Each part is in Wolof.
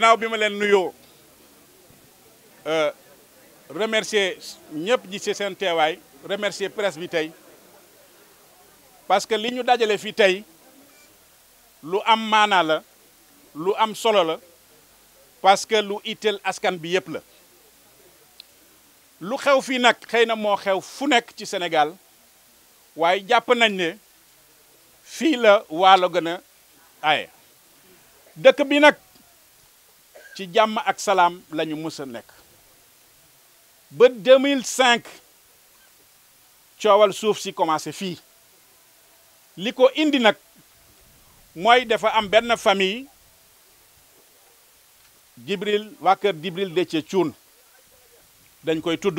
ginnaaw bima len nuyo euh remercier ñep ji ci sen teewaay remercier presse bi tay parce que li ñu dajale fi tay lu am mana la lu am solo la parce que lu itel askan bi yep la lu xew fi nak xëy mo xew fu nek ci Sénégal waye japp nañ ne fi la waalo gën a aaye dëkk bi nak ci jàmm ak salaam lañu ñu mës a nekk ba cinq coowal suuf si commencé fii li ko indi nag mooy dafa am benn famille Jibril waa kër Jibril Déthié cuun dañ koy tudd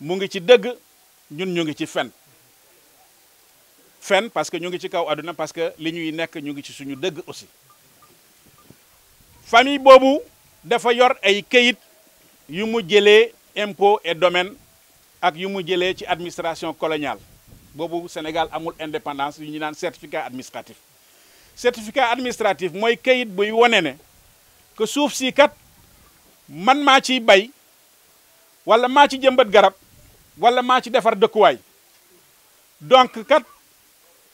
mu ngi ci dëgg ñun ñu ngi ci fen fen parce que ñu ngi ci kaw àdduna parce que li ñuy nekk ñu ngi ci suñu dëgg aussi famille Bobu, dafa yor ay këyit yu mu jëlee impôt et domaine ak yu mu jëlee ci administration coloniale bobu Sénégal amul indépendance yu ñu naan certificat administratif certificat administratif moy këyit buy wone ne que souf si kat man ma ci bay wala m'a ci jëmbat garab wala ma ci defar dëkkuwaay donc kat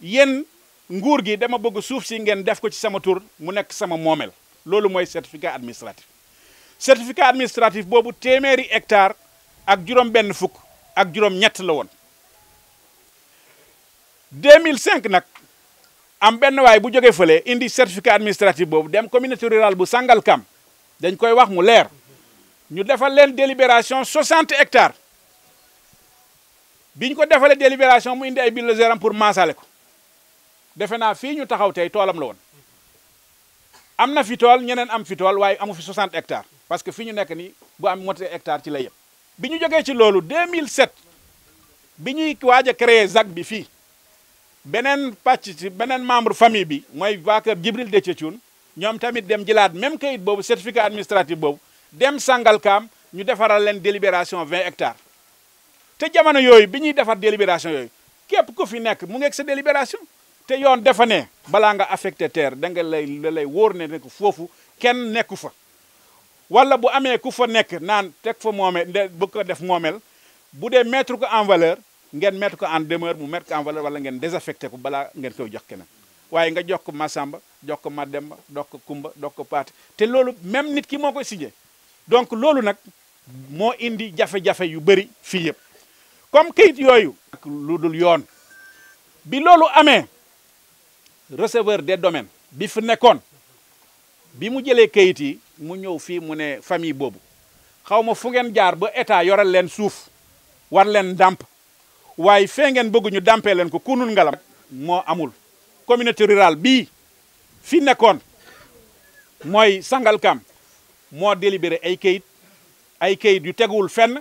yen nguur gi dama bëgg souf si ngeen def ko ci sama tour mu nekk sama momel loolu moy certificat administratif certificat administratif bobu téeméeri hectare ak juróom ben fuk ak juróom-ñett la won 2005 nak am ben way bu jóge fële indi certificat administratif bobu dem communauté rurale bu Sangalkam dañ koy wax mu leer ñu defal len délibération 60 hectares biñ ko defalee délibération mu indi ay bulldozer pour maasale ko defe naa fii ñu taxaw tay tolam la won am na fi tool ñeneen am fi tool waaye amu fi 60 hectares parce que fi ñu nekk ni bu am moitié hectare ci la yëpp bi ñu jógee ci loolu mille 2007 bi ñuy waaj a créer ZAC bi fii beneen pàcc beneen membre famille bi mooy waa kër Jibril Déthié Thioune ñoom tamit dem jilaat même kayit boobu certificat administratif boobu dem sangal Sangalkam ñu defaral leen délibération vingt hectares te jamono yooyu bi ñuy defar délibération yooyu képp ku fi nekk mu ngeeg sa délibération te yoon dafa ne balaa nga affecté terre da nga lay da lay wóor ne nekk foofu kenn nekku fa wala bu amee ku fa nekk naan teg fa moomeel bu ko def moomeel bu dee mettre ko envaleur ngeen mettre ko en demeure mu mettre ko wala ngeen désaffecté ko balaa ngeen koy jox keneen waaye nga jox ko Massamba jox ko Mademba jox ko Kumba jox ko Paate te loolu même nit ki moo koy signé donc loolu nag moo indi jafe-jafe yu bëri fii yëpp comme kayit yooyu. lu dul yoon bi loolu amee. receveur des domaines bi fi nekkoon bi mu jëlee kayit yi mu ñëw fii mu ne famille boobu xaw ma fu ngeen jaar ba état yoral leen suuf war leen ndàmp waaye fee ngeen bëgg ñu dàmpee leen ko kunul ngalam moo amul communauté rural bii fi nekkoon mooy Sangalkam moo délibéré ay kayit ay kayit yu tegul fenn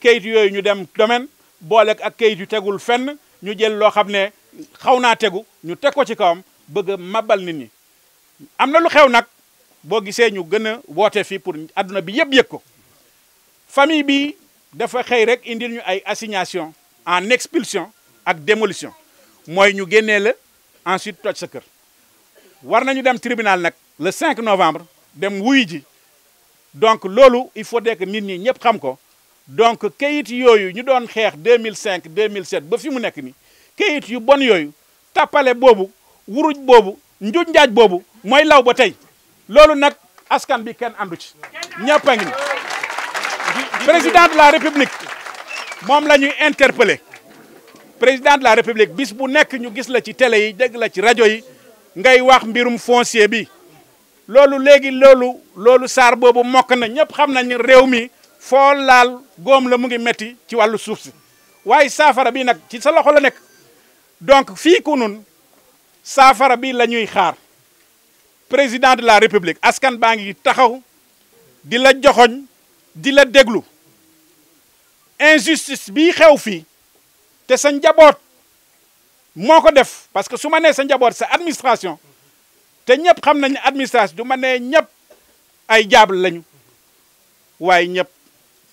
kayit yooyu ñu dem domaine boole ak kayit yu tegul fenn Nous jël lo xamné xawna xaw ñu nous ko ci kawam bëgg mabal nit ñi amna lu xew nak ñu a fi pour aduna bi famille bi dafa xey rek indil ñu ay assignation en expulsion ak démolition nous ñu la ensuite toj sa kër war nañu dem tribunal le 5 novembre dem donc il faut que nit ñi ñep xam ko donc kayit yooyu ñu doon xeex 2005 2007 ba fi mu nekk ni kayit yu bon yooyu tappale boobu wuruj boobu njuj njaaj boobu mooy law ba tey loolu nag askan bi kenn àndu ci ñëpp a ngi président de la république moom la ñuy interpellé président de la république bis bu nekk ñu gis la ci télé yi dégg la ci rajo yi ngay wax mbirum foncier bi loolu léegi loolu loolu saar boobu mokk na ñëpp xam nañu réew mi foo lal gom la mu ngi metti ci walu suuf waye safara bi nak ci sa loxo la nek donc fi ku nun bi la ñuy xaar président de la république askan Bangi, taxaw di la joxogn di la deglu injustice bi xew fi te sa njabot moko def parce que suma ne sa njabot sa administration te ñep xam nañ administration du mané ñep ay jaabal lañu waye ñep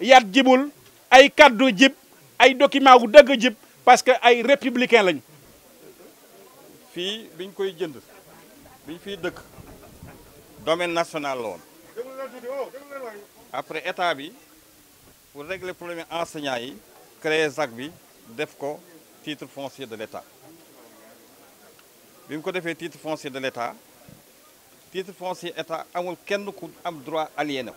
yat jibul ay kaddu jib ay documents wu jib parce que ay républicain lañ fi biñ koy jënd biñ fi dëkk domaine national lawon après état bi pour régler problème enseignants yi créer ZAC bi def ko titre foncier de l'état biñ ko défé titre foncier de l'état titre foncier état amul kenn ku am droit aliéné ko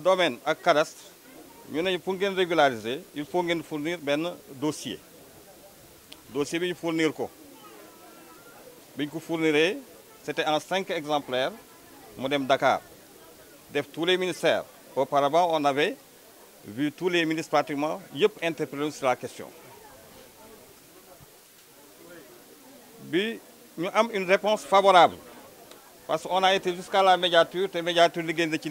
domaine à cadastre ñu faut régulariser il faut ngeen fournir un dossier dossier bi ñu fournir ko biñ ko c'était en cinq exemplaires mu dem Dakar def tous les ministères auparavant on avait vu tous les ministres pratiquement interpréter sur la question bi ñu une réponse favorable parce qu'on a été jusqu'à la médiature la médiature est ci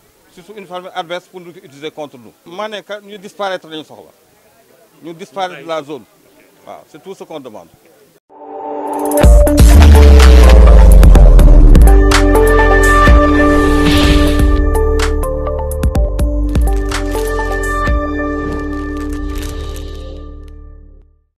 C'est une forme adverse pour nous utiliser contre nous. Nous nous disparaître de la zone c'est tout ce qu'on demande.